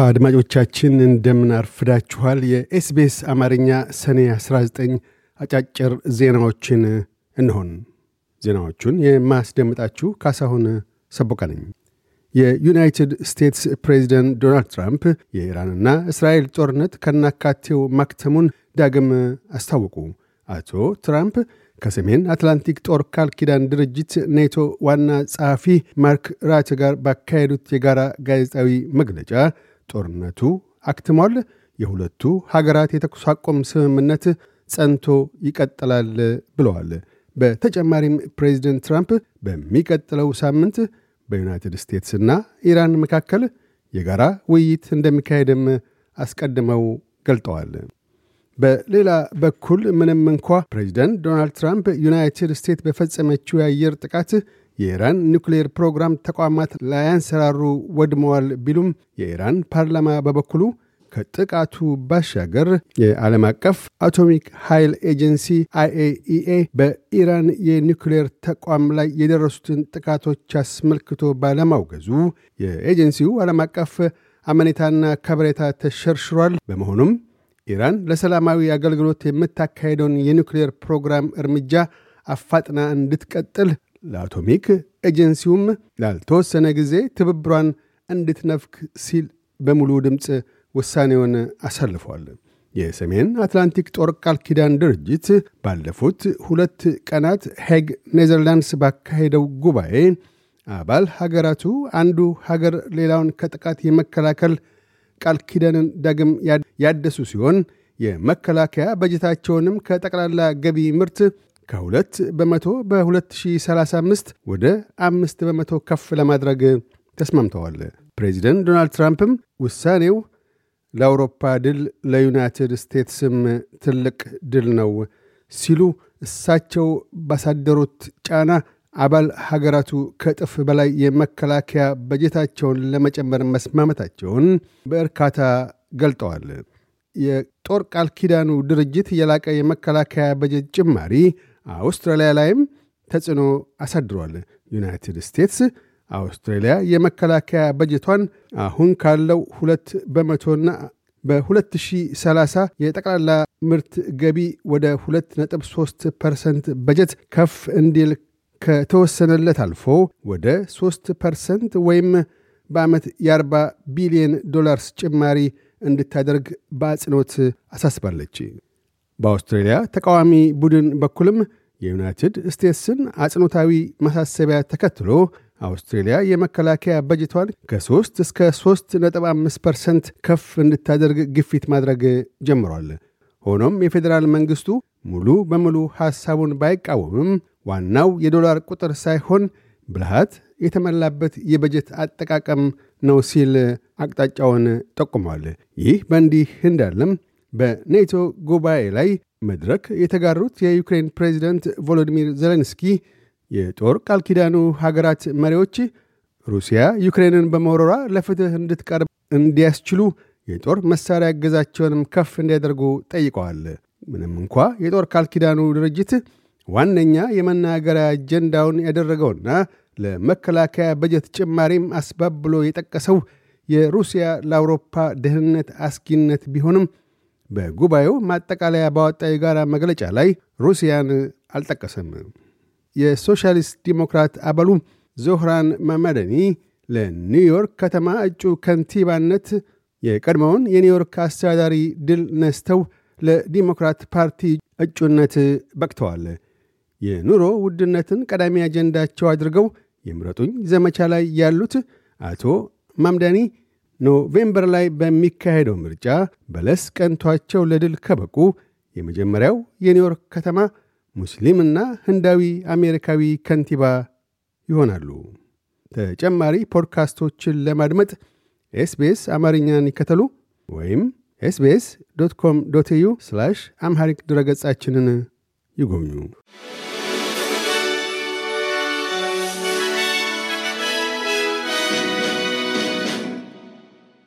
አድማጮቻችን እንደምን አርፍዳችኋል። የኤስቤስ አማርኛ ሰኔ 19 አጫጭር ዜናዎችን እንሆን። ዜናዎቹን የማስደምጣችሁ ካሳሁን ሰቦቃ ነኝ። የዩናይትድ ስቴትስ ፕሬዚደንት ዶናልድ ትራምፕ የኢራንና እስራኤል ጦርነት ከናካቴው ማክተሙን ዳግም አስታወቁ። አቶ ትራምፕ ከሰሜን አትላንቲክ ጦር ካል ኪዳን ድርጅት ኔቶ ዋና ጸሐፊ ማርክ ራት ጋር ባካሄዱት የጋራ ጋዜጣዊ መግለጫ ጦርነቱ አክትሟል። የሁለቱ ሀገራት የተኩስ አቁም ስምምነት ጸንቶ ይቀጥላል ብለዋል። በተጨማሪም ፕሬዚደንት ትራምፕ በሚቀጥለው ሳምንት በዩናይትድ ስቴትስና ኢራን መካከል የጋራ ውይይት እንደሚካሄድም አስቀድመው ገልጠዋል። በሌላ በኩል ምንም እንኳ ፕሬዚደንት ዶናልድ ትራምፕ ዩናይትድ ስቴትስ በፈጸመችው የአየር ጥቃት የኢራን ኒውክሌር ፕሮግራም ተቋማት ላያንሰራሩ ወድመዋል ቢሉም የኢራን ፓርላማ በበኩሉ ከጥቃቱ ባሻገር የዓለም አቀፍ አቶሚክ ኃይል ኤጀንሲ አይኤኢኤ በኢራን የኒውክሌር ተቋም ላይ የደረሱትን ጥቃቶች አስመልክቶ ባለማውገዙ የኤጀንሲው ዓለም አቀፍ አመኔታና ከበሬታ ተሸርሽሯል። በመሆኑም ኢራን ለሰላማዊ አገልግሎት የምታካሄደውን የኒውክሌር ፕሮግራም እርምጃ አፋጥና እንድትቀጥል ለአቶሚክ ኤጀንሲውም ላልተወሰነ ጊዜ ትብብሯን እንድትነፍክ ሲል በሙሉ ድምፅ ውሳኔውን አሳልፏል። የሰሜን አትላንቲክ ጦር ቃል ኪዳን ድርጅት ባለፉት ሁለት ቀናት ሄግ ኔዘርላንድስ ባካሄደው ጉባኤ አባል ሀገራቱ አንዱ ሀገር ሌላውን ከጥቃት የመከላከል ቃል ኪዳንን ዳግም ያደሱ ሲሆን የመከላከያ በጀታቸውንም ከጠቅላላ ገቢ ምርት ከ2 በመቶ በ2035 ወደ 5 በመቶ ከፍ ለማድረግ ተስማምተዋል። ፕሬዚደንት ዶናልድ ትራምፕም ውሳኔው ለአውሮፓ ድል ለዩናይትድ ስቴትስም ትልቅ ድል ነው ሲሉ እሳቸው ባሳደሩት ጫና አባል ሀገራቱ ከጥፍ በላይ የመከላከያ በጀታቸውን ለመጨመር መስማመታቸውን በእርካታ ገልጠዋል። የጦር ቃል ኪዳኑ ድርጅት የላቀ የመከላከያ በጀት ጭማሪ አውስትራሊያ ላይም ተጽዕኖ አሳድሯል። ዩናይትድ ስቴትስ አውስትራሊያ የመከላከያ በጀቷን አሁን ካለው ሁለት በመቶና በ2030 የጠቅላላ ምርት ገቢ ወደ 2.3 ፐርሰንት በጀት ከፍ እንዲል ከተወሰነለት አልፎ ወደ 3 ፐርሰንት ወይም በዓመት የ40 ቢሊዮን ዶላርስ ጭማሪ እንድታደርግ በአጽንኦት አሳስባለች። በአውስትሬልያ ተቃዋሚ ቡድን በኩልም የዩናይትድ ስቴትስን አጽኖታዊ ማሳሰቢያ ተከትሎ አውስትሬልያ የመከላከያ በጀቷን ከ3 እስከ 3.5 ፐርሰንት ከፍ እንድታደርግ ግፊት ማድረግ ጀምሯል። ሆኖም የፌዴራል መንግሥቱ ሙሉ በሙሉ ሐሳቡን ባይቃወምም ዋናው የዶላር ቁጥር ሳይሆን ብልሃት የተሞላበት የበጀት አጠቃቀም ነው ሲል አቅጣጫውን ጠቁሟል። ይህ በእንዲህ እንዳለም በኔቶ ጉባኤ ላይ መድረክ የተጋሩት የዩክሬን ፕሬዚደንት ቮሎዲሚር ዜሌንስኪ የጦር ቃል ኪዳኑ ሀገራት መሪዎች ሩሲያ ዩክሬንን በመውረሯ ለፍትሕ እንድትቀርብ እንዲያስችሉ የጦር መሣሪያ እገዛቸውንም ከፍ እንዲያደርጉ ጠይቀዋል። ምንም እንኳ የጦር ቃል ኪዳኑ ድርጅት ዋነኛ የመናገሪያ አጀንዳውን ያደረገውና ለመከላከያ በጀት ጭማሪም አስባብ ብሎ የጠቀሰው የሩሲያ ለአውሮፓ ደህንነት አስጊነት ቢሆንም በጉባኤው ማጠቃለያ ባወጣ የጋራ መግለጫ ላይ ሩሲያን አልጠቀሰም። የሶሻሊስት ዲሞክራት አባሉ ዞህራን ማመደኒ ለኒውዮርክ ከተማ እጩ ከንቲባነት የቀድሞውን የኒውዮርክ አስተዳዳሪ ድል ነስተው ለዲሞክራት ፓርቲ እጩነት በቅተዋል። የኑሮ ውድነትን ቀዳሚ አጀንዳቸው አድርገው የምረጡኝ ዘመቻ ላይ ያሉት አቶ ማምዳኒ ኖቬምበር ላይ በሚካሄደው ምርጫ በለስ ቀንቷቸው ለድል ከበቁ የመጀመሪያው የኒውዮርክ ከተማ ሙስሊምና ህንዳዊ አሜሪካዊ ከንቲባ ይሆናሉ። ተጨማሪ ፖድካስቶችን ለማድመጥ ኤስቤስ አማርኛን ይከተሉ ወይም ኤስቤስ ዶት ኮም ዶት ኤዩ ድረገጻችንን ይጎብኙ።